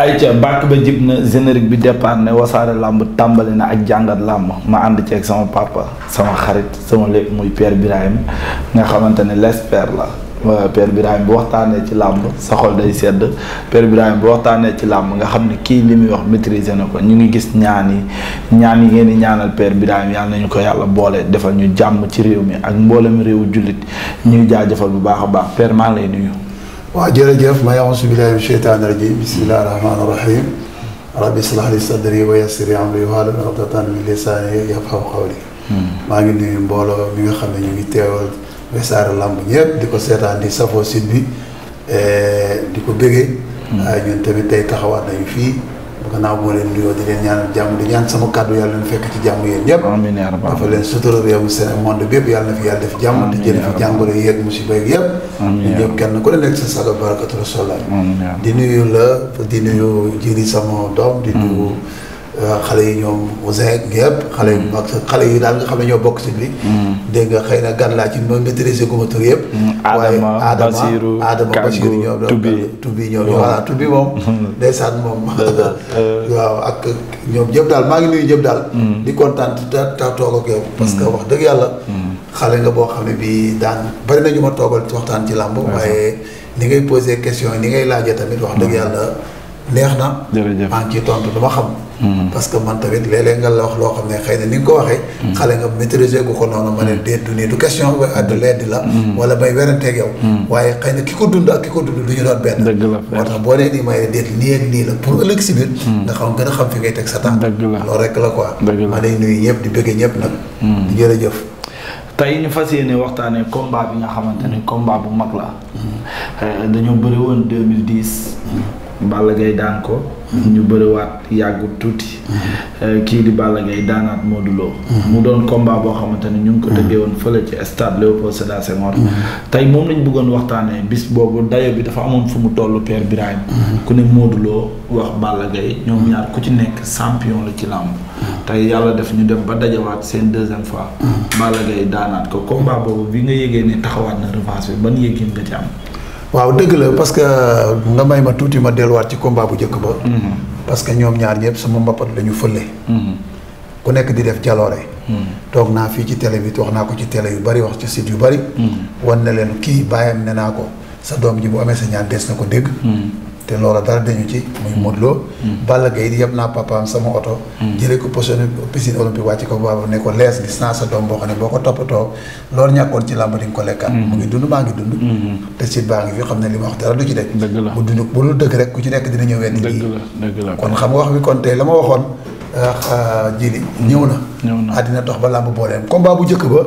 ayca bàkk ba jib na générique bi départ ne wasaare làmb tàmbali na ak jàngat làmb ma ànd ceeg sama papa sama xarit sama lépp muy Père Birahim nga xamante ne l'expert la euh, Père Birahim bu waxtaanee ci làmb sa xol day sedd Père Birahim bu waxtaanee ci làmb nga xam ne kii li muy wax maîtriser na ko ñu ngi gis ñaan yi ñaan yi ngeen di ñaanal Père Birahim yàlla nañu ko yàlla boolee defal ñu jàmm ci réew mi ak mboolem réewu jullit ñuy jaajëfal bu baax a baax Père maa ngi lay nuyu. waaw jërëjëf may auzu billaahi mina sheytaani rajiim bismillaahi rahmaani rahiim rabbi ishrah li sadri wa yassir li amri wahlul uqdatan min lisaani yafqahu qawli hmm. maa ngi nuyu mbooloo bi nga xam ne ñu ngi teewal Wassare Lamb ñëpp di ko seetaan di safoo site bi eh, di ko bëggee hmm. waaye ñun tamit tey taxawaat nañu fii gannaaw moo leen nuyoo di leen ñaanal jàmm di ñaan sama kàddu yàlla leen fekk ci jàmm yéen ñëpp dafa leen sutura réew mi seen monde yàlla na fi yàlla def jàmm te jële fi jàngoro yeeg musiba yëpp ñu ñëpp kenn ku ne nekk sa sago barakatu rasulullah di nuyu la di nuyu jiri sama doom di hmm. nuyu waaw xale yi ñoom Ousseyn Guèyepp. xale yu mm. mag xale yi daal nga xam ne ñoo bokk si bi. Mm. dégg nga xëy na gan laa ci ma maîtriser gu ma tur yëpp. Mm. Adama Basiru waaye Adama Adama Basiru ñoom. Toubi Toubi ñoom voilà bi moom. ndeysaan moom. waaw ak ñoom ñëpp daal maa ngi nuyu ñëpp daal. di kontaan ta ta toog ak yow. parce que wax dëgg yàlla. xale nga boo xam ne bii daan bari na ñu ma toogal waxtaan ci làmb. waaye ni ngay posé question ni ngay laajee tamit wax dëgg yàlla. neex na. jërëjëf maa ngi tontu dama xam. Hmm. parce que man tamit léeg-léeg nga la wax loo xam ne xëy na ni nga ko waxee. Hmm. xale nga maîtriser gu ko noonu ma ne hmm. du nii du question ba addu leddi la. wala may weranteeg yow. waaye xëy na ki ko dund ak ki ko dund du ñu doon benn. dëgg la moo tax boo nee ak nii la pour ëllëg biir. nga xam gën a xam fi ngay teg sa tànk. dëgg la loolu rek la quoi. dëgg ma lay nuyu ñëpp di bëgg ñëpp nag. di jërëjëf. tey ñu fas yéene waxtaanee combat bi nga xamante ne combat bu mag la. Eh, dañoo bëri Balla gay daan ko ñu bëriwaat yàggut tuuti mm-hmm. eh, kii di Balla gay daanaat Modou Lo mm-hmm. mu doon combat boo xamante ne ñu ngi ko mm-hmm. tëggee woon fële ci stade Léopold Sédar Senghor tey moom lañ bëggoon waxtaanee bis boobu dayo bi dafa amoon fu mu toll Père Birahim ku ne Modou Lo wax Balla Gaye ñoom ñaar ku ci nekk champion la ci làmb tey yàlla def ñu dem ba dajawaat seen deuxième fois Balla Gaye daanaat ko combat boobu bi nga yégee ne taxawaat na revanche bi ban yëgin nga ci am waaw dëgg la parce que euh, nga may ma tuuti ma delluwaat ci combat bu njëkk ba. Mm-hmm. parce que ñoom ñaar ñëpp sama mbapat la ñu fële. Mm-hmm. ku nekk di def jaloore. Mm-hmm. toog naa fii ci télé bi wax naa ko ci télé yu bari wax ci site yu bari. wan na leen kii bàyyam ne naa ko sa doom ji bu amee sa ñaan des na ko dégg. te loola dara dañu ci muy Modou Lo mm. Balla Gaye yëpp naa papaam sama oto mm. jëlee ko positionné piscine olympique wàcc ko baaba ne ko lees gis naa sa doom boo xam ne boo ko toppatoo loolu ñàkkoon ci làmb di nga ko lekkaat mm. mu ngi dund maa ngi dund mm-hmm. te sit baa ngi fi xam ne li ma wax dara du ci dëgg bu dund bu lu dëgg rek ku ci nekk dina ñëw wenn dëgg kon xam nga wax bi kon tey la ma waxoon ah, ah, jili ñëw na àddina dox ba làmb booleem baa bu jëkk ba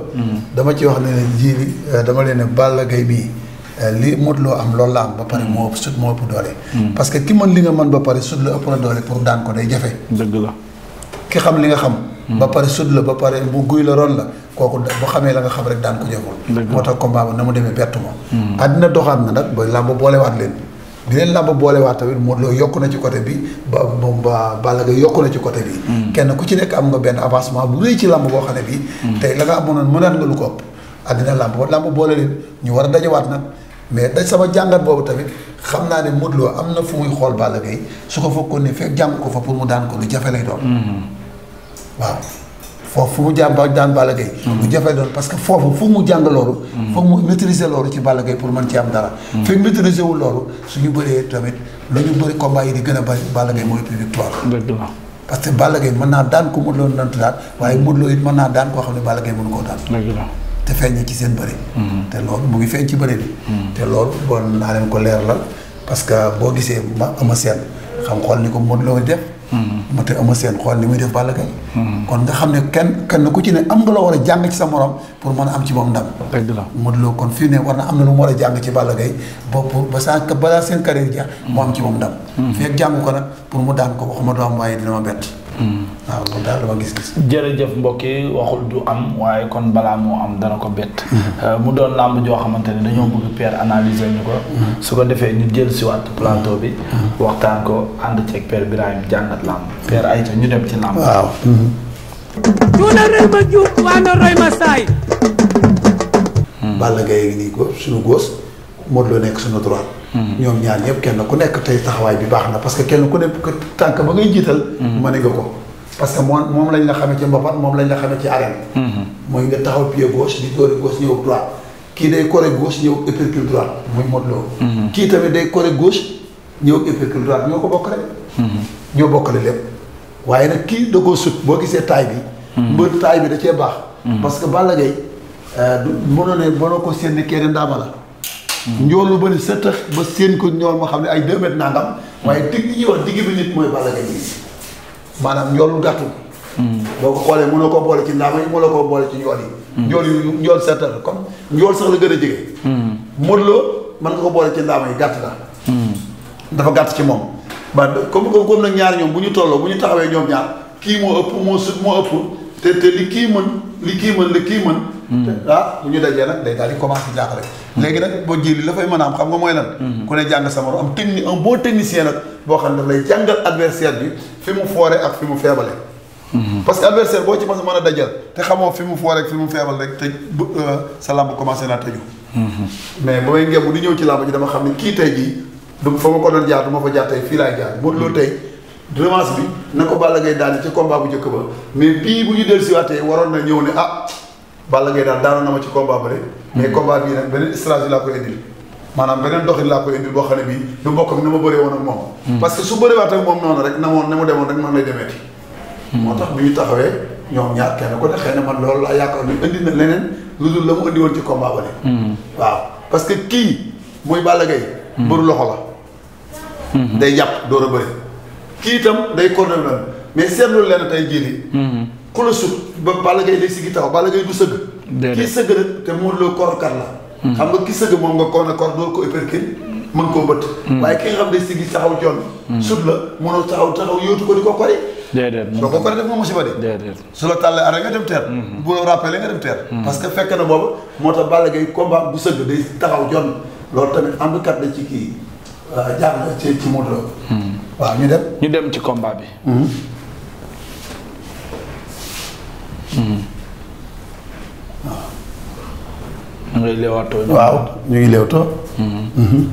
dama ci wax ne jili ah, dama leen ne Balla Gaye bii Euh, li Modou loo am loolu la am ba pare moo ëpp sut moo ëpp doole hmm. parce que ki mën li nga mën ba pare sut la ëpp la doole pour daan ko day jafe ki xam li nga xam hmm. ba pare sut la ba pare mu guy la ron la kooku bu xamee la nga xam rek daan ko jaful moo tax combat ba na mu demee bett moom hmm. àddina doxaat na nag ba làmb boolewaat leen bi leen làmb boolewaat tamit Modou Lo yokku na ci côté bi ba ba Balla Gaye yokku côté bi kenn ku ci nekk am nga benn avancement bu rëy ci làmb boo xam ne bi tey la nga amoon mënaat nga lu ko ëpp àddina làmb làmb boole leen ñu war a dajawaat nag mais dañ sama jàngat boobu tamit xam naa ne Modou am na fu muy xool Balla Gaye su ko fekkoon ne fekk jàng ko fa pour mu daan ko lu jafe lay doon. Mm-hmm. waaw foofu fu mu jàng ba daan Balla Gaye mm-hmm. lu jafe doon que foofu fu mu jàng loolu. Mm-hmm. foog mu maîtriser loolu ci Balla Gaye pour mën ci am dara. fekk maîtriser wu loolu suñu bëree tamit lu ñu bëri combat yi di gën a bëri Balla Gaye mooy plus victoire. parce que Balla Gaye naa daan ko Modou Lo daan waaye Modou it mën naa daan koo xam ne Balla Gaye mënu koo daan. te feeñ ci seen bëri. Mm-hmm. te loolu mu ngi feeñ ci bëri bi. Mm-hmm. te lool bon naa leen ko leeralal parce que boo gisee ma ama seen xam xool ni ko mën loo def. Mm-hmm. ma te seen xool ni muy def Balla kon nga xam ne kenn kenn ku ci ne am nga loo war a jàng ci sa morom pour mën a am ci moom ndam. dëgg la kon fii ne war na am na lu mu war a jàng ci Balla Gaye ba pour ba saa balaa seen carrière jeex. mu am ci moom ndam. feeg jàng ko nag pour mu daan ko waxuma doom waaye dina ma bett. waaw loolu daal dama gis-gis. jërëjëf mbokk yi waxul du am waaye kon balaa moo am dana ko bett. Mhm. mu doon làmb joo xamante ne dañoo bëgg Père analyser ñu ko. Mhm. su ko defee ñu jël si waat plateau bi. Mhm. waxtaan ko ànd ceeg Père Birahim jàngat làmb. Père Aïcha ñu dem ci làmb. waaw. tuuna rëy ma saay. Balla Gaye ngi nii ko suñu góos Modou Lo nekk suñu droit. ñoom ñaar ñëpp kenn ku nekk tey taxawaay bi baax na parce que kenn ku nekk tànk ba ngay jiital. mën mm-hmm. nga ko parce que moom moom lañ la xamee ci mbapat moom lañ la xamee ci arène. Mm-hmm. mooy nga taxaw pied gauche di doori gauche ñëw droite kii day coré gauche ñëw uppercut droite muy Modou mm-hmm. kii tamit day coré gauche ñëw uppercut droite ñoo ko bokkale. ñoo bokkale lépp waaye nag kii da koo sut boo gisee taay bi. mbër taay bi da cee baax. parce que Balla Gaye euh, du mënoo ne mënoo ko séen ne daama la. njool lu bëri sa ba seen ko njool moo xam ne ay deux naa nangam. waaye digg li ñuy wax digg bi nit mooy Balla Gaye maanaam njool lu gàttu. boo ko xoolee mënoo koo boole ci ndaama yi mënoo koo boole ci njool yi. Hmm. njool yu njool sa tax comme njool sax la gën a jege. Hmm. Modou mën nga ko boole ci ndaama yi gàtt la. Hmm. dafa gàtt ci moom. ba comme comme nag ñaar ñoom bu ñu tolloo bu ñu taxawee ñoom ñaar kii moo ëpp moo sut moo ëpp te te li kii mën li kii mën li kii mën. Mm. ah bu ñu dajee nag day daal di commencé jaaxle mm. léegi nag boo jili la fay man a am xam nga mooy lan mm-hmm. ku ne jàng sama am technique un bon boo xam ne daf lay fi mu foore ak fi mu mm-hmm. boo ci mos a mën a dajal te xamoo fi mu foore ak mu feebal rek te bu euh, sa làmb commencé naa tëju mm-hmm. mais ba may ngemb ci làmb ji dama xam ne kii tey jii du fa ma ko doon jaar du ma fa jaar tey fii laay jaar Modou Lo tey revanche bi na ko Balla Gaye daane ci combat bu njëkk ba mais bii bu ñu dellusiwaatee waroon na ñëw ne ah Balla Gaye daal daanu na ma ci combat bële mais hmm. combat bii nag beneen stratégie laa koy indil maanaam beneen doxin laa koy indil boo xam ne bii du bokk ak ni ma bëree woon ak moom hmm. parce que su bëriwaat ak moom noonu rek na moon ne mu demoon rek man lay demeeti hmm. moo tax bi ñu taxawee ñoom ñaar kenn ko ne xëy na man loolu laa yaakaar ni indi na leneen lu dul la mu indi woon ci combat bële waaw parce que kii muy Balla Gaye bëru loxo la day jàpp door a bëri kii itam day coordonné mais seetlu leen tey jii ku la sut ba Balla Gaye day si gittaaw Balla Gaye du sëgg. déedéet kii sëgg nag te Modou Lo korkat la. Hmm. xam nga ki sëgg moom nga koo ne kor door ko éperculer mën koo bëtt. Hmm. waaye ki nga xam ne si gi taxaw joon hmm. sut la mënoo taxaw taxaw yóotu ko di ko kori. déedéet soo ko kori def nga musiba de. déedéet su la tàllee arrêt nga dem teer. bu la rappelé nga dem moo tax Balla bu sëgg taxaw joon loolu tamit àndkat la ci euh, ci ci Modou Lo. waaw ñu dem. ñu dem ci combat bi. ngay leewaatoo. waaw ñu ngi leewtoo. Mm-hmm. Mm-hmm.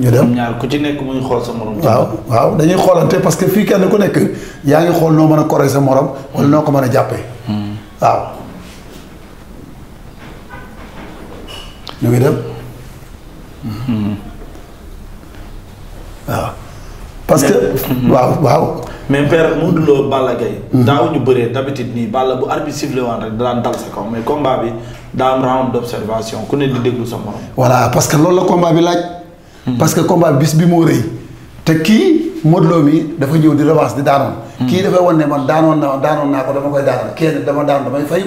ñu dem ñaar ku ci nekk muy xool sa morom. waaw waaw dañuy xoolante parce que fii kenn ku nekk yaa ngi xool noo mën a koree sa morom wala noo ko mën a jàppee. Mm-hmm. waaw. ñu ngi dem. waaw. parce que mhm. waaw waaw. mais père Modou Lo Balla Gaye. ñu bëree d'habitude nii Balla bu arbitre sifflé waan rek daan dal sa kaw mais combat bi daa am round d'observation ku ne di déglu sa morom. voilà parce que loolu la combat bi laaj. Mhm. parce que combat bi bis bi moo rëy. te kii Modou mi dafa ñëw di revanche di daanoon. Mhm. kii dafay wan man daanoon na daanoon naa ko dama koy daanoon kenn dama daan damay fay.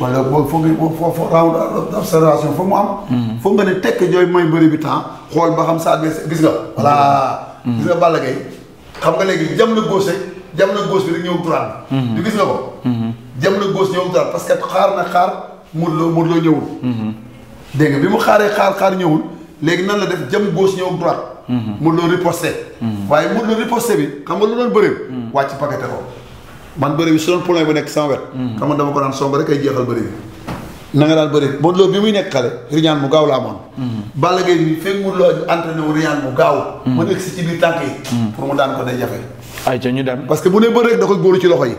wala boobu foog nga foo foo round observation foog mu am. foog nga ne tekk jooy mooy bëri bi temps gis nga Balla Gaye xam nga léegi jam na góose jam na góos bi rek ñëw droite bi gis nga ko mhm. jam na góos ñëw droite parce que xaar na xaar Modou Lô Modou Lô ñëwul mhm. dégg nga bi mu xaaree xaar xaar ñëwul léegi nan la def jam góos ñëw droite mhm. Modou Lô riposté waaye Modou Lô riposté bi xam nga lu doon bëréem wàcc pakete ko man bëri bi su doon problème bu nekk sama wet xam nga dama ko naan song rek ay jeexal bëri bi na nga daan bëri Modou Lo bi muy nekk xale riñaan mu gaaw la amoon. Mm. Balla Gaye bi fekk Modou Lo entraîné wu riñaan mu gaaw. mën mm. egg si ci biir tànk yi. Mm. pour mu daan ko day jafe. ay ca ñu dem parce que bu ne bëri rek da koy ci loxo yi.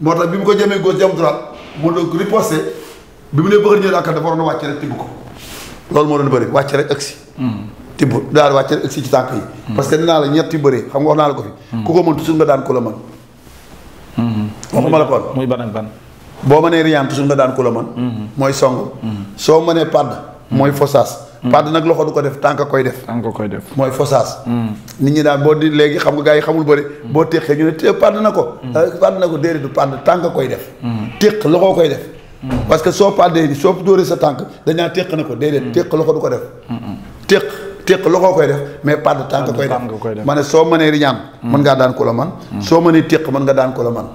moo tax bi mu ko jamee góor jam droit Modou Lo riposté bi mu ne bëgg ñëw akal dafa waroon a wàcce rek tibb ko loolu moo doon bëri wàcce rek agsi. tibb daal wàcce rek si ci tànk yi. parce que dinaa la ñetti bëri xam nga wax naa la ko fi. ku ko mën toujours daan ko la mën. Mm-hmm. waxuma la kon muy ban ak ban boo mënee riant toujours nga daan ku man mhm. mooy song mhm. soo mënee padd mooy mhm. fosaas padd nag loxo du ko def tànk koy def tànk koy def mooy fosaas nit ñi daan boo di léegi xam nga gars yi xamul bëri boo téqee ñu ne té padd na ko euh, padd na ko déedéet du padd tànk koy def téq loxo koy def parce que soo paddee ni soo dóoree sa tànk dañaa téq na ko déedéet téq loxo du ko def téq téq loxo koy def mais padd tànk koy def ma ne soo mënee riñaan mën ngaa daan ku man soo mënee téq mën nga daan ku la man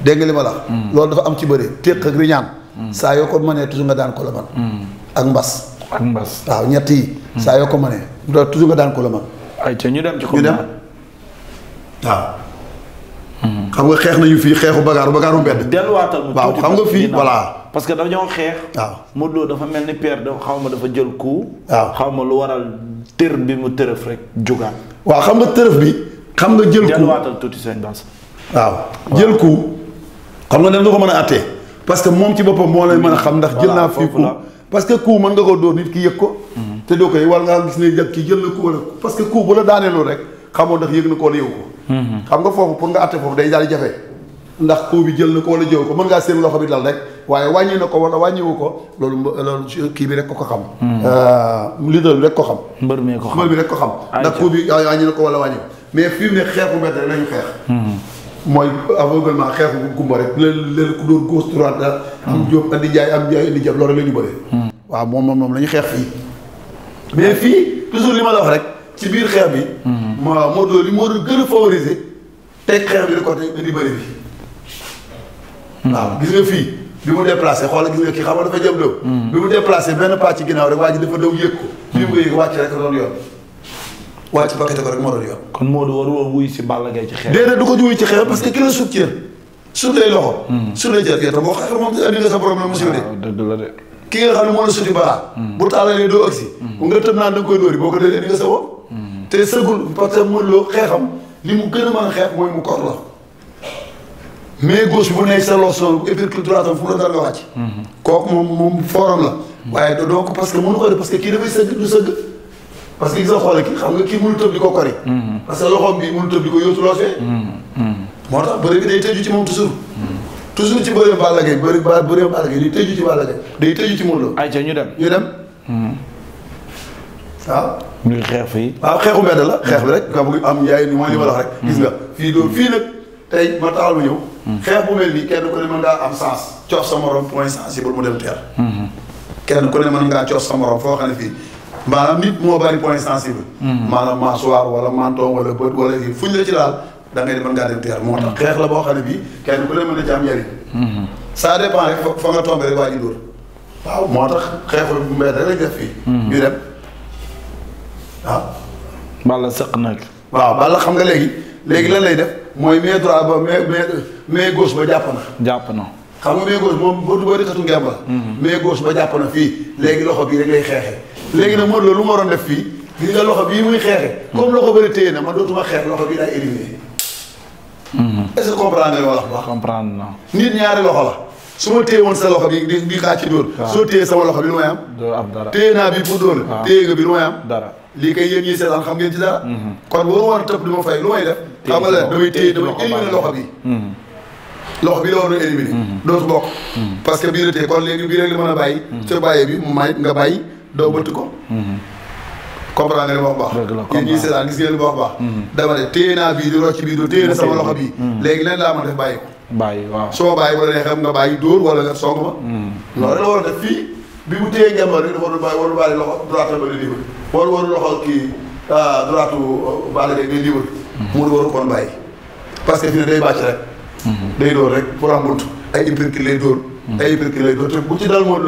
dégg nga ma la mm. loolu dafa am ci bëri téq ak riñaan mm. saa yoo ko mënee toujours nga daan ko man mm. ak mbas ak mbas waaw ñett yi saa yoo ko mënee toujours nga daan ko la man ay ca ñu dem ci ñu dem waaw xam nga xeex nañu fii xeexu bagaaru bagaaru mbedd delluwaatal mu waaw xam nga fii voilà parce que dañoo xeex waaw Modou Lo dafa mel ni Pierre da xaw ma dafa jël coup waaw xaw ma lu waral tër bi mu tërëf rek jugaat waaw xam nga tërëf bi xam nga jël coup seen bas waaw jël coup xam nga ne du ko mën a attee parce que moom ci boppam moo lay mën a xam ndax jël naa fii coup parce que coup mën nga ko dóor nit ki yëg ko mm-hmm. te doo koy war nga gis ne jag ki jël na parce que coup bu la daaneeloo rek xamoo ndax na ko wala yëg mm-hmm. day daal ndax coup bi jël na ko wala jëw ko mën ngaa seen loxo bi dal rek waaye wàññi na ko wala wàññiwu ko loolu loolu kii bi rek ko ko xam mm-hmm. euh, leader rek ko xam mbër mi ko xam mbër mi rek ko xam ndax ko wala wàññi mais fii mu ne xeexu mbedd rek lañu xeex mooy aveuglement xeexu bu gumba rek leen leen ku dóor gauche droite la ah. am hmm. jóob andi jaay am jaay indi jàpp loolu la ñu bëree hmm. waaw moom moom moom la xeex fii mais fii toujours li ma la wax rek ci biir xeex bi hmm. ma moo doon li moo doon gën a favoriser teg xeex bi de côté indi bëri bi waaw gis nga fii bi mu déplacé xoola gis nga kii xam nga dafa jëm dëw bi mu déplacé benn pas ci ginnaaw rek waa ji dafa daw yëg ko bi mu ko yëg wàcc rek loolu yoon waaye ci paquet ko rek moo doon yoon. kon Modou waru woon wuy si Balla Gaye ci xeex. déedéet du ko wuy ci xeex parce que ki la suuf ci suuf lay loxo. Hmm. suuf lay jël gerte ah, la de. ki nga xam ne hmm. hmm. da nga nga Lo li mu gën a mën a xeex mooy mu kor la. mais sa loxo épercule droite fu mu la dal nga wàcc. kooku moom forum la. waaye donc parce que mënu ko def parce que kii dafay sëgg du sëgg parce que gis nga xoolal kii xam nga kii mënul tëb di ko kori. parce que loxoom bi mënul tëb di ko yóotu loo fee. moo tax bëri bi day tëju ci moom toujours. toujours ci bëreem Balla Gaye bëri ba bëreem Balla Gaye day tëju ci Balla Gaye day ci ñu dem ñu dem. waaw. ñu xeex fii. waaw xeexu mbedd la xeex bi rek. nga bëgg am yaay ni mooy li ma la wax rek. gis nga fii doo fii nag tey ma taxal ma ñëw. xeex bu mel nii kenn ku ne mën ngaa am sens. coof sa morom point sensible mu dem maanaam nit moo bari point sensible. Hmm. maanaam mâchoire wala menton wala bët wala yi fuñ la ci daal da ngay mën ngaa dem teer moo tax xeex la boo xam ne bii kenn ku ne mën na ci am njëriñ. Hmm. ça dépend rek waa ji dóor waaw moo tax xeexu mbedd rek lañ def fii. Hmm. ñu dem waaw. Ah. Balla sëq nag. waaw Balla xam nga léegi léegi lan lay def mooy main droit ba main main goos ba jàpp na. jàpp na. xam nga main gauche moom boo du ba rëkkatu ngemb la. mais goos ba jàpp na fii léegi loxo bii rek xeexee. léegi nag moo Lo lu ma waroon def fii gis loxo bii muy xeexe comme loxo bëri téye na man dootuma xeex loxo bii daay éliminé mhm. est-ce na nit ñaari loxo la su ma woon sa loxo bi di di xaar ci dóor soo téye sama loxo bi lu may am doo naa bi pour dóor dara lii kay yéen ñiy seetaan xam ngeen di mhm. ma fay lu may def xam loxo bi mhm. loxo war a éliminé dootu bokk parce que bii la kon léegi bii rek la a bàyyi soo bàyyee bi mu may nga bàyyi doo bëtt ko. comprendre nga li ma baax. yéen ñii seetaan gis ngeen li ma baax. Mm-hmm. dama ne téye naa bii di rocc bii du téye na sama loxo bii. Mm-hmm. léegi leen laa mën a def bàyyi ko. bàyyi waaw soo bàyyi wala ne xam nga bàyyi dóor wala nga song ma. Mm-hmm. loolu la war def fii bi mu téye ngembar bi dafa warul bàyyi warul bàyyi loxo droite ba di libre warul warul loxo kii ah, droite baale rek day libre. mu bàyyi. parce que fi ne day bàcc rek. day dóor rek pour am bunt ay hypercule dóor. ay hypercule dóor te bu ci dal moom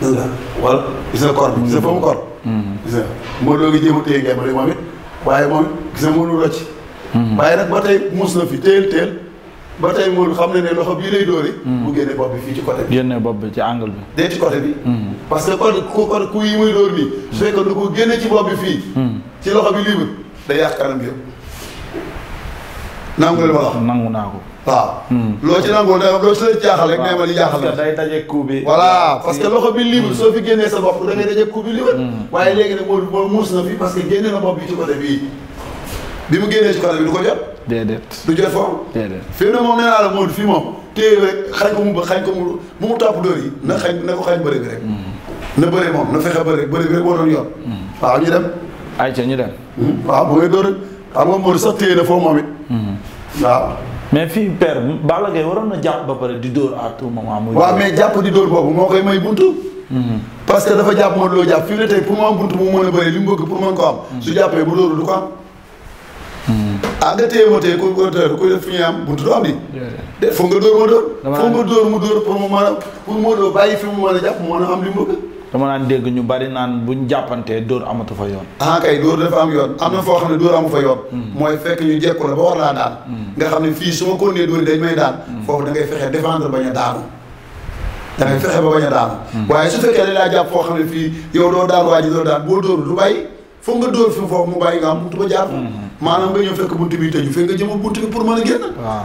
gis nga wala gis nga koor bi gis nga foofu koor. Mm-hmm. gis nga Modou Lo ngi jéem a moom it waaye moom it gis nga Modou Lo ci. waaye nag ba tey muus na fi teel teel ba tey Modou xam ne ne loxo bii lay dóore. Mm-hmm. mu génne bopp bi fii ci côté bi. génne bopp bi ci angle bi. dee ci côté bi. Mm-hmm. parce que kon ku kon ku yi muy dóor nii. su fekkoon du ko génne ci bopp bi fii. ci loxo bi libre day yàq kanam gi nangu la li wax nangu naa ko. waaw. Hmm. loo ci nangu da loo ci la jaaxal rek nee ma li jaaxal la. day daje coup bi. voilà parce que loxo bi libre soo fi génnee sa bopp da ngay daje coup bi libre. Hmm. waaye léegi nag moom muus na fi parce que génne na bopp bi ci côté bii bi mu génnee ci côté bi du ko jot. déedéet du jot foofu. déedéet fi ne moom nee naa la moom fii moom téye rek xañ ko mu ba xañ ko mu bu mu topp dóor yi na xañ na ko xañ bëre bi rek. Hmm. na bëre moom na fexe bëre bëre bi rek moo doon yoon. waaw ñu dem. ayca ñu dem. waaw waaw mais fii per Balla Gaye waroon na jàpp ba pare di dóor à tout moment. muy waaw mais jàpp di dóor boobu moo koy may bunt hmm. parce que dafa jàpp Modou Lo jàpp fii ne tey pour mu am buntu mu mën a bëri li mu bëgg pour mën ko am. Hmm. su jàppee bu dóorul du ko am. Hmm. ah nga téye ma téye ku ko téye ku def am buntu du am di. de foog nga dóor mu dóor pour mu a pour Modou Lo bàyyi fi mu a jàpp moo mën a am li mu dama naan dégg ñu bari naan buñ jàppantee dóor amatu fa yoon ah kay dóor dafa am yoon am na foo xam ne dóor amu fa yoon hmm. mooy fekk ñu jekku la ba war laa daan hmm. nga xam ne fii su ma konnee dóor dañ may daan hmm. foofu da ngay fexe défendre bañ a ba bañ a daanu waaye su fekkee dañ laa xam ne fii yow doo daan waa ji doo daan boo dóor du bàyyi foog nga dóor fi foofu mu bàyyi nga am buntu ba jaar fa maanaam nga ñëw fekk buntu bi tëju fekk nga jëm buntu bi pour mën a génn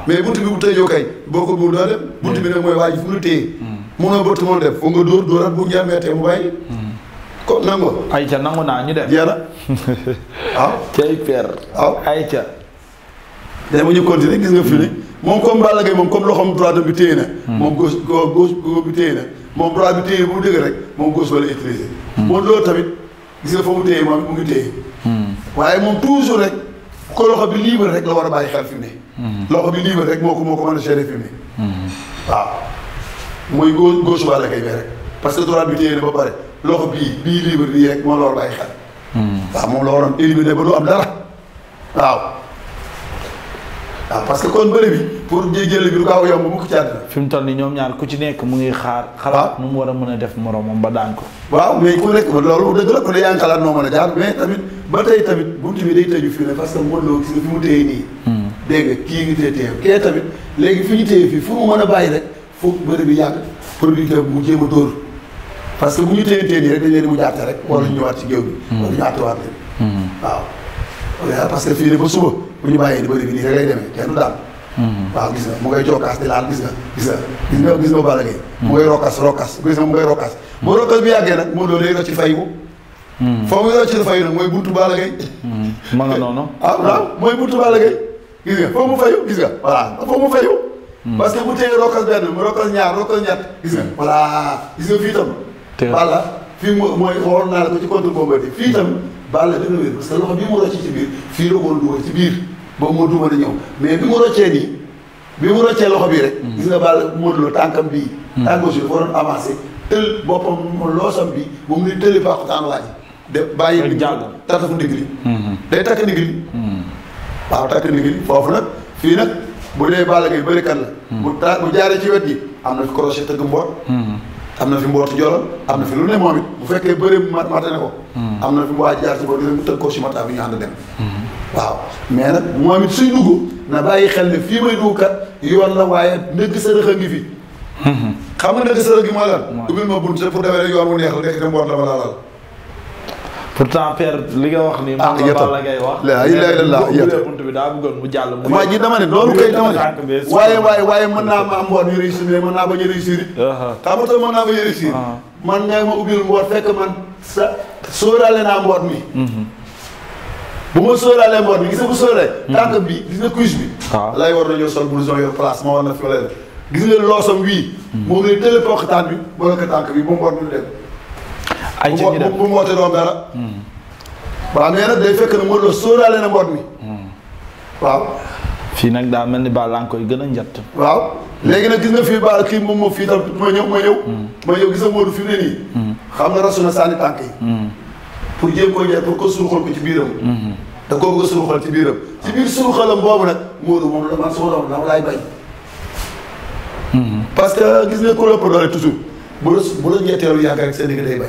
mais buntu bi bu tëjoo kay boo ko buur doo dem buntu bi nag mooy waa munoo bëtt mun def fu nga dóor dóorat bu njàmbeetee mu bàyyi. Mm. ko nangu. ayca nangu naa ñu def yàlla. waaw cay peer. waaw ah. ayca. léegi bu ñu continuer gis nga fi ni moom comme Balla Gaye moom comme loxoom droite bi téye na. Mm. moom gauche gauche gauche bi téye na moom droite bi téye bu mu dëgg rek moom gauche wala utiliser. Mm. moom loolu tamit gis nga fa mu téye moom mu ngi téye. waaye moom toujours rek ko loxo bi libre rek la war a bàyyi xel fi ne. loxo bi libre mooy gauche gauche Balla Gaye bi rek parce que droite bi téye na ba pare loxo bii bii libre bi rek moo la a bàyyi xel. Hmm. waaw moom la ba du am dara waaw. waaw parce que kon bëri bi pour jël bi du gaaw a yomb mukk ci àddina. mu ci nekk mu ngi xaar. xalaat nu a mën a def moromam ba daan ko. waaw mais nekk noo mën a jaar mais tamit ba tey tamit buntu bi day tëju fii ne parce que Modou Lo gis nga fi mu téye nii. Hmm. dégg nga kii ngi téye téye kee tamit léegi fi ñu téye fii fu mu mën a bàyyi rek. foog bëri bi yàgg pour bi mu jéem a dóor parce que bu ñu téye téye nii rek dañ leen di mu jaarte rek wala ñu ñëwaat ci géew bi hmm. wala ñu àttewaat leen hmm. waaw parce que fii ne ba suba bu ñu bàyyee di bëri bi nii rek lay demee kenn du daal hmm. waaw gis nga mu ngay jokkaas di gis nga gis nga gis nga gis nga Balla Gaye mu ngay rokkas rokkas mu ngay rokkas bu rokkas bi yàggee nag moo doon léegi rocc fay ko foo muy rocc fayu nag mooy buntu Balla ma noonu ah waaw mooy buntu Balla mu fayu gis Hmm. parce que bu téyee rokkas benn mu rokkas ñaar rokkas ñett gis nga voilà gis nga fii tam Balla fii mooy xool naa la ko ci contre fii tam Balla dina bi mu rocc ci biir fii la biir boobu moo dugal ñëw mais bi mu roccee nii bi mu roccee loxo bii rek hmm. gis nga Balla Modou Lo tànkam bii hmm. tànko jor waroon avancé bi moom ni tëli baaxu taan waaji de bàyyi bi jàll tatafu ndigli day takk ndigli waaw takk ndigli foofu nag fii nag bu dee Balla Gaye bërikat la. Hmm. bu taa bu jaaree ci wet yi am na fi crochet tëgg mboot. Hmm. am na fi mboot jolal am na fi lu ne moom it bu fekkee bëri mat mate ne ko. Hmm. am na fi mu waa jaar ci boobu mu tëgg ko si mataa bi ñu ànd dem. waaw mais nag moom it suy dugg na bàyyi xel ne fii may dugg kat yoon la waaye ndëgg sa a ngi fi. xam nga ndëgg sa rëx gi mooy lan. ubbil ma bunt pour demee rek yoon wu neex la nekk dem mboot la ma pourtant père li nga wax ni ah yottal la ngay wax bunt bi daa bëggoon mu jàll mu waa ji dama ne dama ne waaye waaye waaye mën naa ma am mboot ñu réussir mais mën a a réussir uh-huh. uh-huh. man ngay ma ubbil mboot fekk man sa sóoraale naa mboot mi mm-hmm. bu ma sóoraalee mboot mi gis nga bu mm-hmm. tànk bi gis nga cuisse bi ah. lay war nañoo sol blouson yor place ma war na fi wala gis nga loosam wii mm-hmm. moom lay tële poqtaan bi bala ko tànk bi moom mboot mi dem ay ci ñu dem bu mu wootee doom dara. waaw nee na day fekk ne Modou Lo sóoraale na mboot mi. waaw. fii nag daa mel ni Balla nga koy gën a njatt. waaw léegi nag gis na fii Balla kii moom moom fii tam ma ñëw ma ñëw. ma mm. ñëw gis nga Modou fi mu ne nii. Mm. xam nga rasu na sànni tànk yi. Mm. pour jéem koo jaay pour ko suruxal ko ci biiram. Mm-hmm. da koo bëgg a suruxal ci biiram. ci biir suruxalam boobu nag Modou moom la man sama doom dama laay bay. Mm-hmm. parce que gis nga ku la ëpp doole toujours bu la bu la ñetteelu yàgg rek seen liggéey day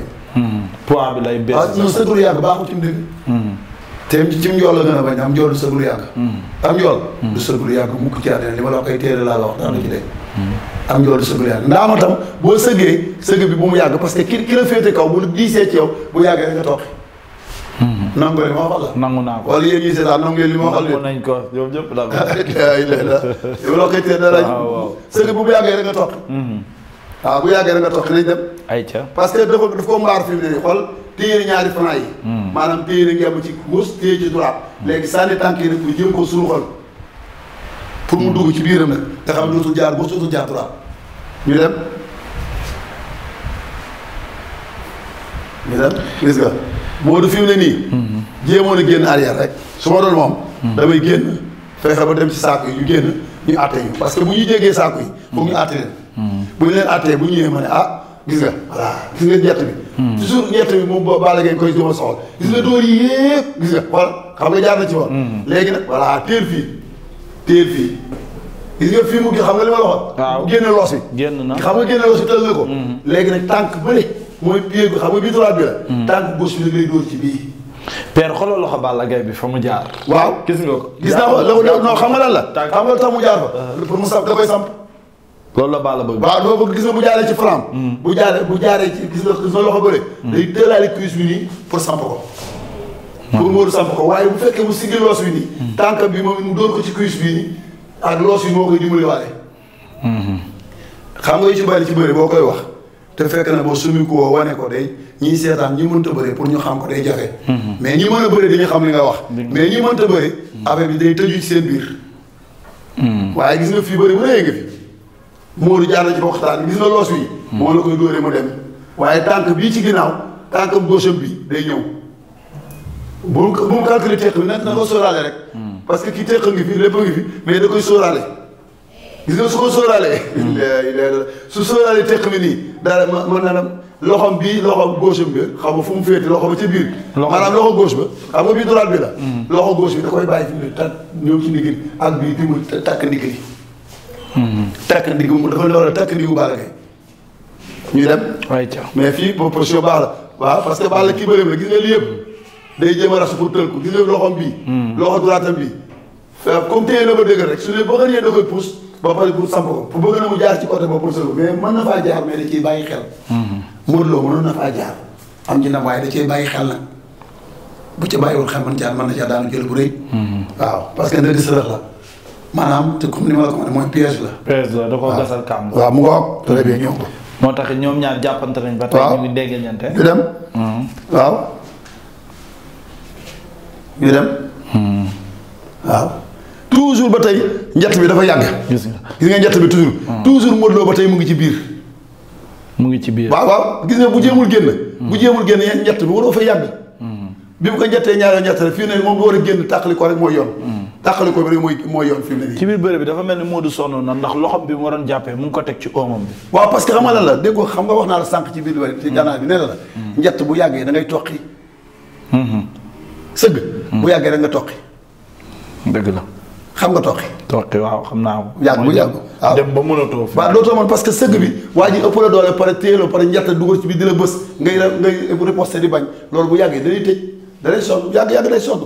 poids bi lay bees. waaw ah, non sëglu yàgg baaxul ci ndigg. te ci njool la gën a bañ am njool du sëglu yàgg. am njool. du sëglu yàgg li ma la wax ay téere laa la wax am njool tam boo sëgee sëg bi bu mu yàgg parce que ki ki la féete kaw bu diisee ci yow bu yàggee rek nga toog. nangu li ma waxal la. ñëpp la. ay léegi la yow nga toog. Mm-hmm. waaw bu yàggee rek nga toog nañ dem. ay ayca parce que dafa daf ko mbaar fi mu ne nii xool téye ñaari franc yi. Hmm. maanaam téye na ngemb ci gauche téye ci droite. Hmm. léegi sànni tànk yi nag mu jëm ko suñu xol. pour mu dugg ci biiram nag nga xam ne dootul jaar gauche dootul jaar droite ñu dem. ñu dem gis nga Modou fi mu ne nii. Hmm. jéemoon a génn arrière rek su ma doon moom. damay génn fexe ba dem ci saako yi ñu génn ñu àtte yi parce que bu ñu jéggee saako yi. foog ñu àtte leen. bu ñu leen àttee bu ñu ñëwee ma ne ah gis nga voilà gis nga ñett bi. Hmm. toujours ñett bi moom Balla Gaye koy duma soxla gis nga dóor yi yëpp gis nga wala xam nga jaar na ci woon. Hmm. léegi nag voilà teel fii teel fii. gis nga fii mu xam nga li ma la waxoon. waaw génne loos bi. génn na xam nga génne loos bi tël hmm. léegi nag tànk bële mooy bi bi la. tànk gauche bi la ngay dóor ci bii. père xoolal loxo Balla bi fa mu jaar. waaw gis nga ko. gis naa ko non xam nga lan la. tànk xam nga tax mu jaar fa. Euh, pour mu samp da samp. loolu la Balla bëgg. baax loolu bëgg gis nga bu jaaree ci franc. Hmm. bu jaaree bu jaare ci gis na gis nga loxo bëre. Hmm. day tëlaale cuisse bi nii pour samp ko. Hmm. pour mu samp ko waaye bu fekkee mu siggi loos wi nii. tànk bi moom mu dóor ko ci cuisse bi nii ak loos wi moo koy dimbali xam nga yu ci bari boo koy wax. te fekk na boo sumi ko woo wane ko day ñiy seetaan ñi mënta bëre pour ñu xam ko day jafe. mais ñi mën a bëre dañu xam li nga wax. mais ñi mënta bëre. affaire bi day t ci seen waaye gis nga fii bëri bu Modou jaar na ci waxtaan gis na hmm. la koy dóoree mu waaye tànk bii ci ginnaaw tànkam gauche bi day ñëw bu mu bu mu calculer teq bi nag na hmm. parce que ki teq ngi fi lépp ngi fi mais da koy sóoraale. gis nga su ko sóoraalee. Hmm. bi nii dara ma mën na loxom bii loxo gauche bi xam nga fu mu féete loxo ba ca biir. loxo loxo gauche bii droite bi la. loxo gauche bi da koy bàyyi fi ne tànn ñëw ci ndigg ak bii di mu takk ndigg takk ndigum dafa loolu la takk ndigum Balla Gaye ñu dem. mais fii boobu position baax la waaw parce que Balla kii bëri na gis nga lii yëpp day jéem a rasu pour tënku gis nga loxoom bii. Hmm. loxo droitam bii. waaw comme téye na ko dëgg rek su dee bëgg nañu da koy pousse ba pare pour samp ko pour bëgg na mu jaar ci côté ba pour sëlu mais mën na faa jaar mais da ciy bàyyi xel. Hmm. Modou Lo mënoon na faa jaar am ci ndam waaye da cee bàyyi xel nag bu ca bàyyiwul xel man caa mën na caa daanu jël bu hmm. parce que ndëgg sërëx la. maanaam te comme ni ma la ko waxee mooy piège la. piège la da koo gasal kàmb. waaw mu ngoog très moo tax ñoom ñaar jàppante nañ ba tey ñu ngi dégg ñante. ñu dem. Hmm. waaw. ñu dem. Hmm. waaw. toujours ba tey njett bi dafa yàgg. gis nga gis nga njett bi toujours. Hmm. toujours Modou Lo ba tey mu ngi ci biir. mu ngi ci biir waaw waaw gis nga bu jéemul génn. bu jéemul génn njett bi waroo fa yàgg. bi mu ko njettee ñaareel ñett rek fii ne moom war a génn tàqali ko rek mooy yoon hmm. tàqali ko rek mooy mooy yoon fii mu ne nii ci biir bëre bi dafa mel ni Modou sonn na ndax loxom bi mu waroon jàppee mu ko teg ci oomam bi waaw nga lan la dégg ko hmm. na la njett hmm. bu yàggee da ngay toqi sëgg bu yàggee rek nga toqi dëgg la xam nga toqi parce que sëgg bi waa ji ëpp la doole pare téeloo pare njett dugal ci bi di la bës ngay ngay riposté di bañ loolu bu yàggee dañuy tëj dalay sonn yàgg yàgg day sonn.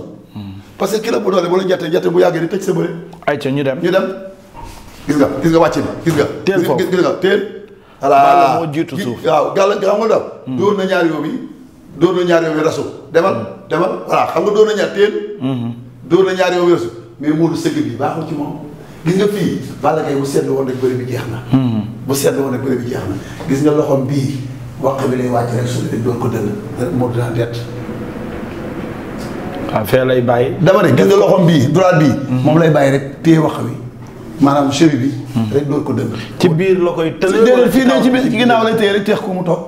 parce que ki la bu doole bu la jotee jotee bu yàggee di tëj sa bëre. ayca ñu dem ñu dem. gis nga gis nga wàcc bi gis nga. teel foofu gis nga teel. voilà Balla moo jiitu suuf waaw gàll gàllagul daal. Hmm. dóor na ñaar yow bi dóor na ñaari yow bi rasu. demal hmm. demal voilà xam nga dóor na ñaar teel. Hmm. dóor na ñaari yow bi rasu mais Modou sëgg bi baaxul ci moom. gis nga fii Balla Gaye bu seetlu woon rek bëri bi jeex na. bu seetlu woon rek bëri bi jeex na. gis nga loxoom bii wax bi lay wàcc rek waaw fee lay bàyyi. dama ne gis nga loxoom bii droite bii. Mm-hmm. moom lay bàyyi rek téye wax wi maanaam cheville bi. Mm-hmm. rek door ko dëgg. ci biir la koy tënk fii nii ci biir ginnaaw lay téye rek teex ko mu toog.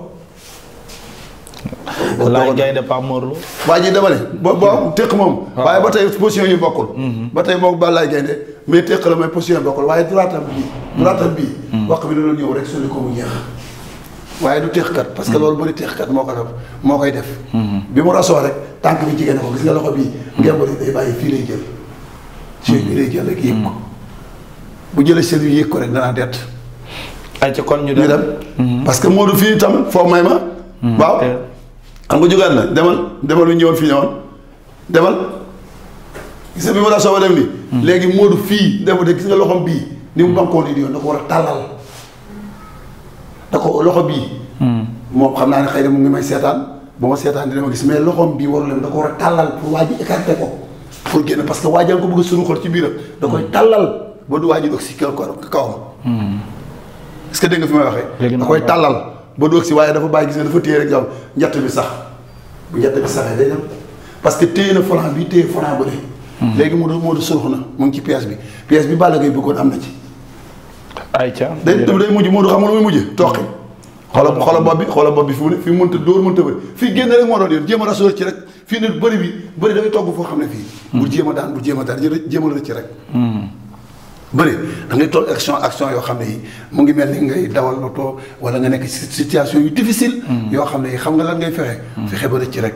laay jaay de Pape Mor Lo. waa ji dama ne bo bo mm-hmm. teq moom. Ah. waaye ba tey position yi bokkul. ba tey moom ba laay gay de mais teq la may position yu bokkul waaye droite am bii. droite bii. wax bi da doon ñëw rek soli ko mu jeex. waaye du téexkat parce que hmm. loolu bëri téexkat moo ko def moo koy def hmm. bi mu rasoo rek tànk bi jigéen na ko gis nga loxo bii hmm. ngeen fii lay jël ci bii bu jëlee sel bi yéeg ko rek danaa dem parce que Modou fii tam foo may ma waaw xam nga jógaat na demal demal bi ñëwoon fii ñëwoon demal gis nga bi léegi Modou fii def de gis nga loxom bii ni mu bankoon di yoon da war a tàllal da ko loxo bii. Hmm. moom xam naa ne xëy na mu ngi may seetaan ba ma seetaan dina ma gis mais loxoom bii waru leen da ko war a tàllal pour waa ji ko pour génn parce que waaja jàng ko bëgg sunu xol ci biiram. da koy tàllal du waa ji doog kaw kawam. Hmm. est fi may waxee. da koy tàllal ba doog si waaye dafa bàyyi gis dafa téye rek yow bi sax bu njett bi que téye na franc bi téye franc hmm. léegi mu du moo du surux na mu ngi ci pièce bi pièce bi Balla Gaye bëggoon am na ci. ca day day mujj Modou xam nga lu muy mujj toqi xoolal xoolal bopp bi xoolal bopp bi fi mu ne fii mënta dóor mënta bëri fii génn rek moo doon yoon jéem a rassurer ci rek fii ne bëri bi bëri dafay togg foo xam ne fii hmm. bu jéem a daan bu jéem a daan jéem a rëcc rek hmm. bëri da ngay toll action action yoo xam ne yi mu ngi mel ni ngay dawal loto wala nga nekk situation yu difficile hmm. yoo xam ne yi xam nga lan ngay fexe fexe ba ci rek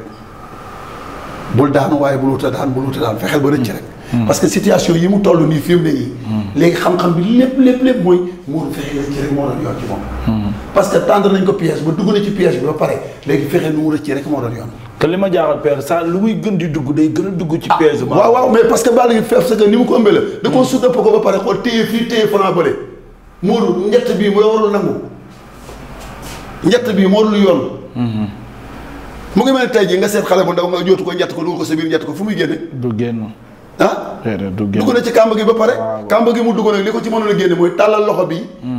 bul daanu waaye bul wuta daan bul wuta daan fexeel ba rëcc rek. parce que situation yi mu toll nii fi mu ne nii. léegi xam-xam bi lépp lépp lépp mooy muur fexe rëcc rek moo doon yoon ci que tendre nañ ko piège ba dugg na ci piège bi ba pare léegi fexe nu mu rëcc rek moo doon yoon. te li ma jaaxal père saa lu muy gën di dugg day gën a dugg. ci piège ba ah, waaw waaw mais parce que Balla Gaye parce que ni mu ko ëmbee la. da koo hmm. su dëpp ko ba pare xool téye fii téye fanaa bële. muuru ñett bii mooy warul nangu ñett bii moo dul yoon. Hmm, hmm. mu ngi mel ne tey jii nga seet xale bu ndaw nga jootu ko njatt ko dugal ko sa biir njatt ko fu muy génne. Ah? du génn. dugg na ci kàmb gi ba pare kàmb gi mu dugg na li ko ci mënoon a génne mooy tàllal loxo bi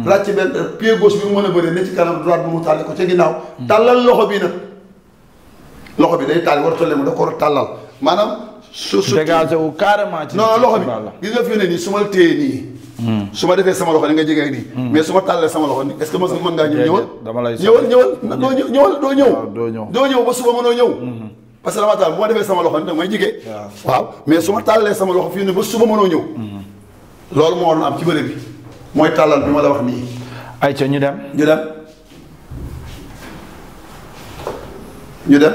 ràcc hmm. benn euh, pied gauche bi mu mën a bëree ne ci kanam droite bi mu tàlle ko ca ginnaaw hmm. tàllal loxo bi nag loxo bi day tàlli war tolle mu da ko tàllal maanaam su su dégagé wu carrément ci non loxo bi gis nga fi ne nii su ma téye nii Hmm. su ma defee sama loxo ni nga jege nii. Hmm. mais su ma tàllee sama loxo nii est-ce que mën ngaa ñëw ñëwal. dama lay ñëwal ñëwal doo ñëw ñëwal doo ñëw. doo ñëw ba suba mënoo ñëw. Hmm. parce que dama taal bu ma defee sama loxo nii da may jege. waaw mais su ma tàllee sama loxo fii nii ba suba mënoo ñëw. loolu moo waroon am ci bëre bi mooy tàllal bi ma la wax nii. ayca ñu dem ñu dem. ñu dem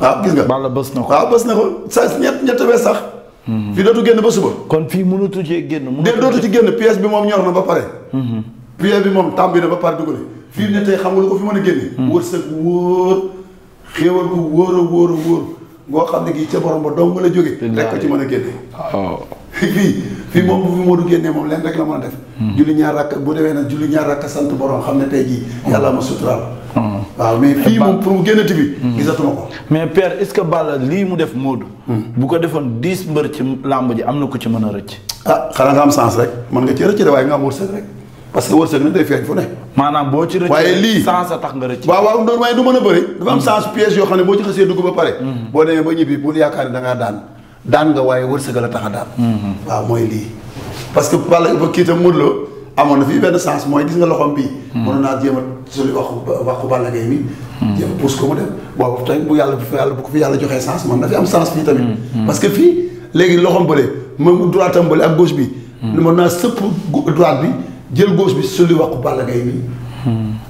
waaw gis nga. Balla bës na ko waaw bës na ko sa ñett ñett bee sax. Mhm. fii dootu génn ba suba. kon fii mënatu cee génn. mu mënatu dootu ci génn pièce bi moom ñor na ba pare. Mhm. pièce bi moom tàmbi na ba pare dugale. fii ne tey xam nga lu ko fi mën a génne. Mhm. wërsëg wóor xéewal ko wóor a wóor a wóor ngoo xam ne kii ca borom ba dong la jóge rek ko ci mën a génne. waaw oh. fii fii moom bu fi Modou génnee moom leen rek la mën a def. julli ñaar rakk bu demee nag julli ñaar rakk sant borom xam ne tey jii oh. yàlla ma suturaal. waaw mais fii moom pour mu génnati bi. Mm-hmm. gisatuma ko. mais père est-ce que Balla lii mu def Modou. Mm-hmm. bu ko defoon dix mbër ci làmb ji am na ku ci mën a rëcc. ah xanaa nga am sens rek man nga ci rëcc waaye nga am wërsëg rek parce que wërsëg nag day feeñ fu ne. maanaam boo ci rëcc. waaye lii sens a tax nga rëcc. waaw waaw waaye du mën a bëri. dafa am mm-hmm. sens piège yoo xam ne boo ci xasee dugg ba pare. boo demee ba ñibbi bul yaakaar ne da ngaa daan daan nga waaye la a kii amoon na fi benn sens mooy gis nga loxoom bii Hmm. mënoon naa jéem a soli waxu waxu Balla Gaye bi hmm. jéem pousse ko mu dem waaw tamit bu yàlla bu yàlla bu ko fi yàlla joxee sens man na fi am sens fii tamit hmm. parce fii léegi loxom bële moom droite am bële ak gauche bi mën naa sëpp bi jël gauche bi soli waxu Balla Gaye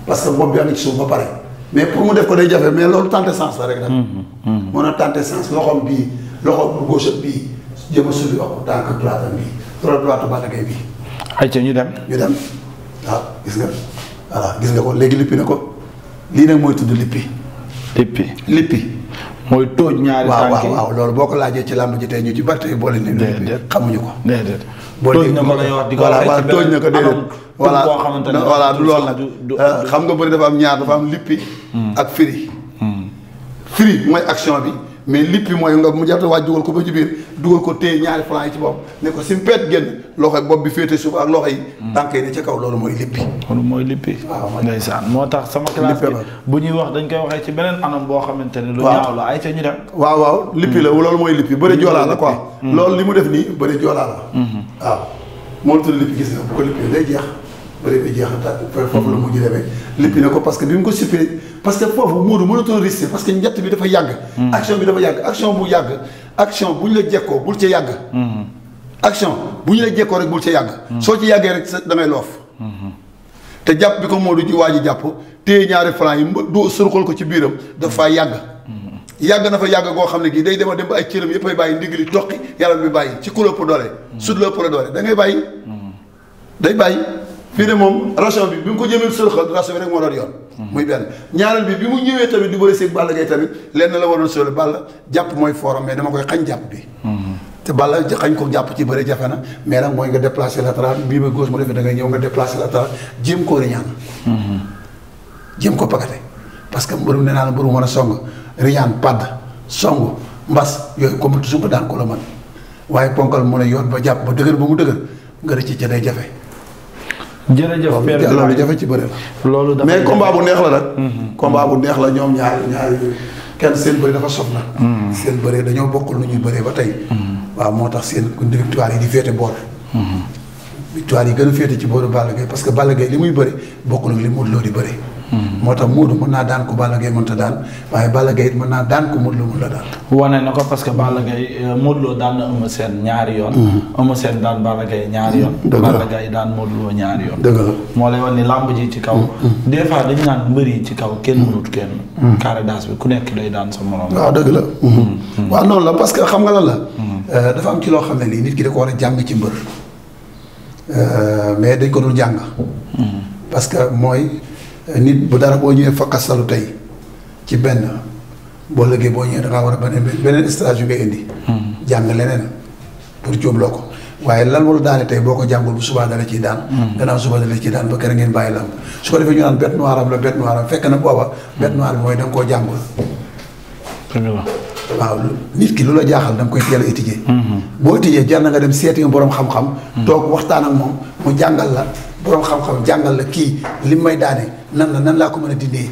parce que bopp bi na ci suuf ba pare mais pour mu def ko day jafe mais loolu tenté sens la rek nag mën a tenté sens loxom bii loxo gauche bii jéem a soli waxu tànk droite am bii droite Balla Gaye bi ayca ñu dem ñu dem waaw gis nga voilà gis nga ko léegi lippi na ko lii nag mooy tudd lippi. lippi lippi. mooy tooj ñaari tànk waaw waaw loolu boo ko laajee ci làmb ji tey ñu ci bari tey boole nañu. déedéet xamuñu ko. déedéet tooj na ko la ñuy wax di ko voilà tooj na ko déedéet. voilà voilà du loolu nag euh, xam nga bëri dafa am ñaar dafa am lippi. Hmm. ak firi. Hmm. firi mooy action bi. mais lippi mooy nga mu jarte waaj dugal ko ba ci biir dugal ko téye ñaari flan yi ci bopp ne ko simpeet génn loxo bopp bi féete suuf loxo yi hmm. tànk yi ne ca kaw loolu mooy lippi loolu mooy lippi waaw ndeysaan moo tax sama classe bi bu ñuy wax dañ koy waxee ci beneen anam boo xamante ne lu ñaaw la ay ca ñu dem waaw waaw lippi la hmm. loolu mooy lippi bëri joolaa la quoi hmm. lool li mu def nii bëri joolaa la waaw moom tudd lippi gis nga bu ko lippi day jeex bëri bi jeexantaat mhm. foofu la mujj demee léppi na ko parce que bi mu ko suppee parce que foofu Modou mënatoo risqué parce que njett bi dafa yàgg mhm. action bi dafa yàgg action bu yàgg action bu ñu la jekkoo bul ca yàgg mhm. action bu ñu la jekkoo rek bul ca yàgg soo ci yàggee rek da ngay loof te jàpp bi ko moo Modou ji waa ji jàpp téye ñaari franc yi du surxal ko ci biiram dafa yàgg yàgg na fa yàgg koo xam ne gii day dema dem ay cëram yëpp ay bàyyi ndigli toqi yaram bi bàyyi ci kulóopu doole sudlóopu la doole da ngay bàyyi day bàyyi fii de moom ration bi bi mu ko jëmee sërxal ration bi rek moo doon yoon muy benn ñaareel bi bi mu ñëwee tamit di bëri seeg Balla Gaye tamit lenn la waroon sóole Balla jàpp mooy forum mais dama koy xañ jàpp bi mm-hmm. te Balla xañ ko jàpp ci bëri jafe na mais nag mooy nga déplacé la bii ba gauche mu defee da ngay ñëw nga déplacé latéral jéem koo riñaan mm-hmm. jéem ko pakate parce que ne nee naa la mbërum mën a song riñaan padd song mbas yooyu comme su ko daan ko la man waaye ponkal mën a yoon ba jàpp ba dëgër ba mu dëgër nga rëcc ca day jafe jërëjëf père loolu jafe ci bëri la. loolu dafa mais combat bu neex la nag. Mm-hmm. combat bu neex la ñoom ñaar ñaar kenn seen bëri dafa sof nag. Mm-hmm. seen bëri dañoo bokkul lu ñuy bëree ba tey. Mm-hmm. waaw moo tax seen victoire yi di féete boor. victoire yi gën a féete ci booru Balla Gaye parce que Balla Gaye li muy bëri bokkul ak li Modou Lo di bëri. moo tax Modou mën naa daan ko Balla Gaye mënta naa daan ko Modou Lo mën la daan. wane na ko parce que Balla Gaye euh, Modou Lo daan na Eumeu ñaari yoon. Mm-hmm. Eumeu Sène daan Balla Gaye ñaari yoon. dëgg la Balla daan Modou Lo ñaari yoon. dëgg la moo lay wan ni làmb ji ci kaw. Mm-hmm. des fois dañu naan mbër yi ci kaw kenn mm-hmm. mënut kenn. carré d'as bi ku nekk day daan sa morom. waaw ah, dëgg la. waaw noonu la parce que xam nga lan la. Euh, dafa loo xam ne nii nit ki ko a jàng ci mbër. Euh, mais dañ ko dul jàng. parce que mooy euh, nit bu dara boo ñëwee fakkastalu tey ci benn boo lëggee boo ñëwee da ngaa war a beneen beneen stratégie ngay indi. jàng leneen pour joobloo ko waaye lan wala daane tey boo ko jàngul bu subaa dala ciy daan. gannaaw suba dala ciy daan ba kër ngeen bàyyi lamb su ko defee ñu naan bête noire am la bête noire fekk na booba. bête noire mooy da nga koo jàngul. waaw nit ki lu la jaaxal da koy teel a étudier. boo étudier jar na nga dem seeti borom xam-xam. toog waxtaan ak moom mu jàngal la boroom xam-xam jàngal la kii li may daane nan la nan laa ko mën a dindee.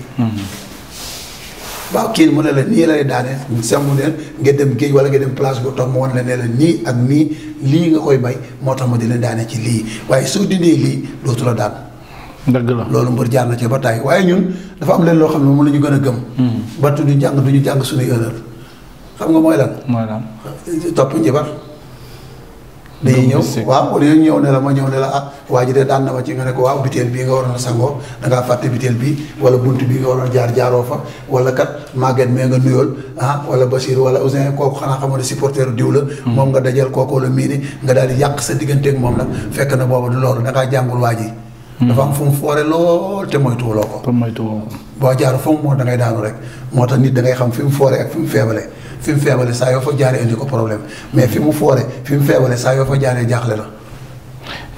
waaw kii mu ne la nii lay daane sàmm leen nga dem géej wala nga dem place bu toog mu wan la ne la nii ak nii lii nga koy bay moo tax ma dina daane ci lii waaye soo dindee lii dootu la daan. dëgg la loolu mbër jaar na ci ba tàyyi waaye ñun dafa am leen loo xam ne moom la ñu gën a gëm. Hmm. ba ñu jàng ñu jàng suñuy erreur. xam nga mooy lan. mooy lan topp njibar. dañuy ñëw waaw wala yooyu ñëw ne la ma ñëw ne la ah waa ji de daan na ma ci nga ne ko waaw biteel bii nga waroon a sangoo da ngaa fàtte biteel bii wala bunt bii nga waroon jaar jaaroo fa wala kat màgget mee nga nuyool ah wala Bachir wala Ousin kooku xanaa xamoon ne supporteru diw la hmm. moom nga dajal kooku la mii nga daal di yàq sa digganteeg moom nag fekk na booba du loolu da ngaa jàngul waa ji hmm. dafa am fu mu foore lool te moytuwuloo ko boo jaaru foofu moom da ngay daanu rek moo tax nit da ngay xam fi mu foore ak fi feebale fi mu feebaree saa yoo fa jaaree indi ko problème fi mu fooree fi mu feebaree saa yoo fa jaaree jaaxle na.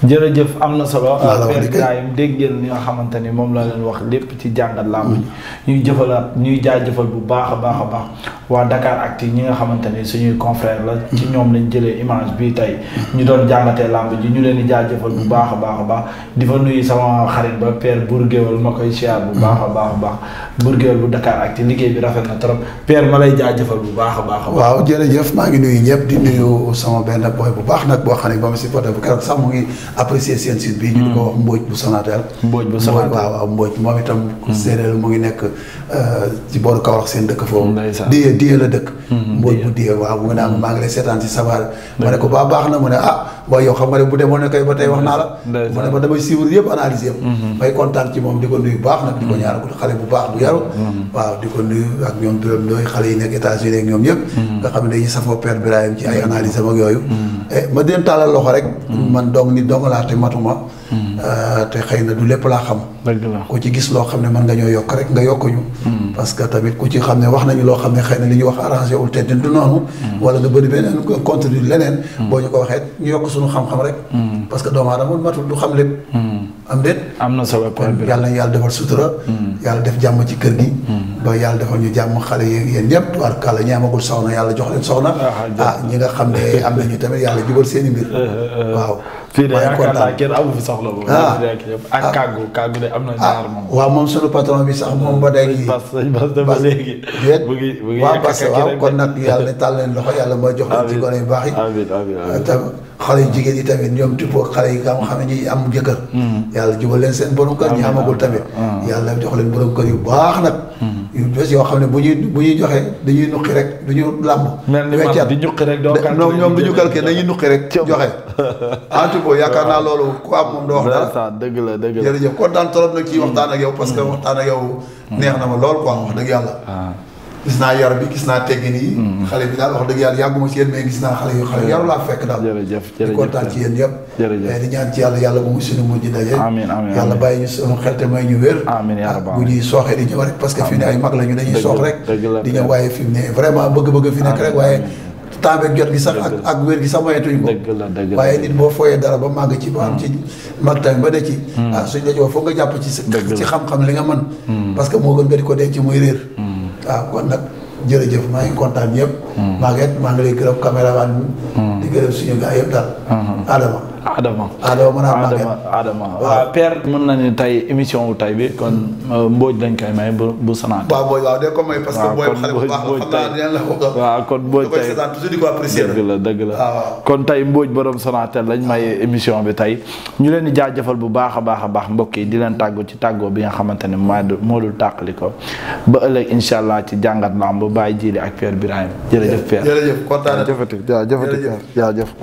jërëjëf am na solo. Père Birahim dégg ngeen li nga xamante ni moom la leen wax lépp ci jàngat làmb ji. ñuy jëfalaat ñuy jaajëfal bu baax a baax a baax waa Dakaractu ñi nga xamante ni suñuy confrère la. ci ñoom lañ jëlee image bi tey. ñu doon jàngatee làmb ji ñu leen di jaajëfal bu baax a baax a baax di fa nuyu sama xarit ba Père Bourguewal ma koy siyaar bu baax a baax a baax Bourguewal bu Dakaractu liggéey bi rafet na trop Père ma lay jëfal bu baax a baax. waaw jërëjëf maa ngi nuyu ñëpp di nuyu sama benn boy bu baax nag boo xam ne ba ma si pot bu keroog sax mu ngi apprécier seen site bi ñu di ko hmm. wax Mbodj bu Sonatel Mbodj bu Sonatel waaw waaw Mbodj moom itam hmm. séeréer mu ngi nekk euh, ci booru Kaolack seen dëkk foofu diye diye la dëkk hmm, Mbodj bu diye waaw mu naan maa ngi lay seetaan ci sabar ma ne ko baa baax na mu ne ah waaye yow xam nga ne bu demoon ne koy ba naa la mu ne ma yëpp analyse yëpp may moom di ko nuyu baax nag di ko ñaanal xale bu baax bu yaru waaw di ko nuyu ak ñoom Birame Ndoye xale yi nekk États-Unis ak ñoom yëpp nga xam ne dañuy safoo Père Birahim ci ay analyse am ak yooyu eh, ma den a loxo rek man dong ni dong ndongo laa te matuma. Hmm. Euh, te xëy na du lépp laa xam. ku ci gis loo xam ne man nga ñoo yokk rek nga yokk ñu. Hmm. parce que tamit ku ci xam ne wax nañu loo xam ne xëy na li ñu wax arrangé wul te du noonu. Hmm. wala nga leneen. boo ñu ko waxee yokk suñu xam-xam rek. parce que doomu aadama matul du xam lépp. am déet. am na solo kon yàlla na yàlla defal sutura. yàlla def jàmm ci kër gi. ba yàlla defal ñu jàmm xale yi yéen ñëpp war kàlla ñi amagul soxna yàlla jox leen soxna. ah, ah ñi nga xam ne am nañu tamit yàlla jubal seen i mbir. Euh, euh, waaw. fii de yaakaar naa kenn amu fi soxla boobu. Ah. ak ah. kàggu kàggu ah. moom. waaw patron bi sax moom ba léegi. bas bas ba léegi. bu ngi bu ngi waaw kon leen loxo yàlla mooy jox leen ci gone yu baax yi. amiin amiin amiin tam xale yu jigéen yi tamit ñoom tuppoo xale yi nga xam ne ñi am jëkkër. Hmm. yàlla jubal leen seen borom kër ñi amagul tamit. yàlla jox leen borom kër yu baax nag. Hmm. yu yoo xam ne bu ñuy bu ñuy joxe dañuy nuqi rek du ñu làmb. weccat di ñuqi rek doo calculer ñoom ñoom du ñu calculer dañuy nuqi rek joxe. en tout yaakaar naa loolu ku am moom doo wax dara. dëgg la dëgg la jërëjëf kontaan trop nag ci mm. waxtaan ak yow. parce que mm. waxtaan ak yow. Mm. neex na ma lool quoi wax dëgg yàlla. Ah. gis naa yar bi gis naa teggin yi. Hmm. xale bi daal wax dëgg yàlla yàgguma ci yéen mais gis naa xale yu xale yaru fekk daal. jërëjëf jërëjëf di ci yéen yëpp. jërëjëf eh, di ñaan ci yàlla yàlla bu mu suñu mujj daje. amiin yàlla bàyyi ñu suñu xel te may ñu wér. Ah, bu ñuy sooxee di ñëw rek parce fi ne ay mag la dañuy soox rek. di ñëw waaye fi ne vraiment bëgg-bëgg fi nekk rek waaye. temps jot gi sax ak wér gi sax moyetuñ ko waaye nit boo fooyee dara ba màgg ci ba la hmm. hmm. ah, jox foog nga jàpp ci ci xam-xam li nga mën waaw ah, kon nag jërëjëf maa ngi kontaan ñëpp. Hmm. Maguette maa ngi lay gërëm caméraman bi. Hmm. di gërëm suñu gars yëpp daal. Hmm. Adama. Adama Adama Adama Adama waaw euh, mën na ni tey émission wu tey bi kon euh, Mbodj lañ koy may bu bu Sonatel. waaw la kon Mbodj tey dëgg la dëgg la ah, kon tey Mbodj borom Sonatel lañ may émission bi tey ñu leen di jaajëfal bu baax a baax a baax mbokk yi di leen tàggu ci tàggoo bi nga xamante ne maa moo dul tàqali ko ba ëllëg incha allah ci jàngat lamb bàyyi jiile ak père Birahim jërëjëf père jërëjëf kontaan jëfati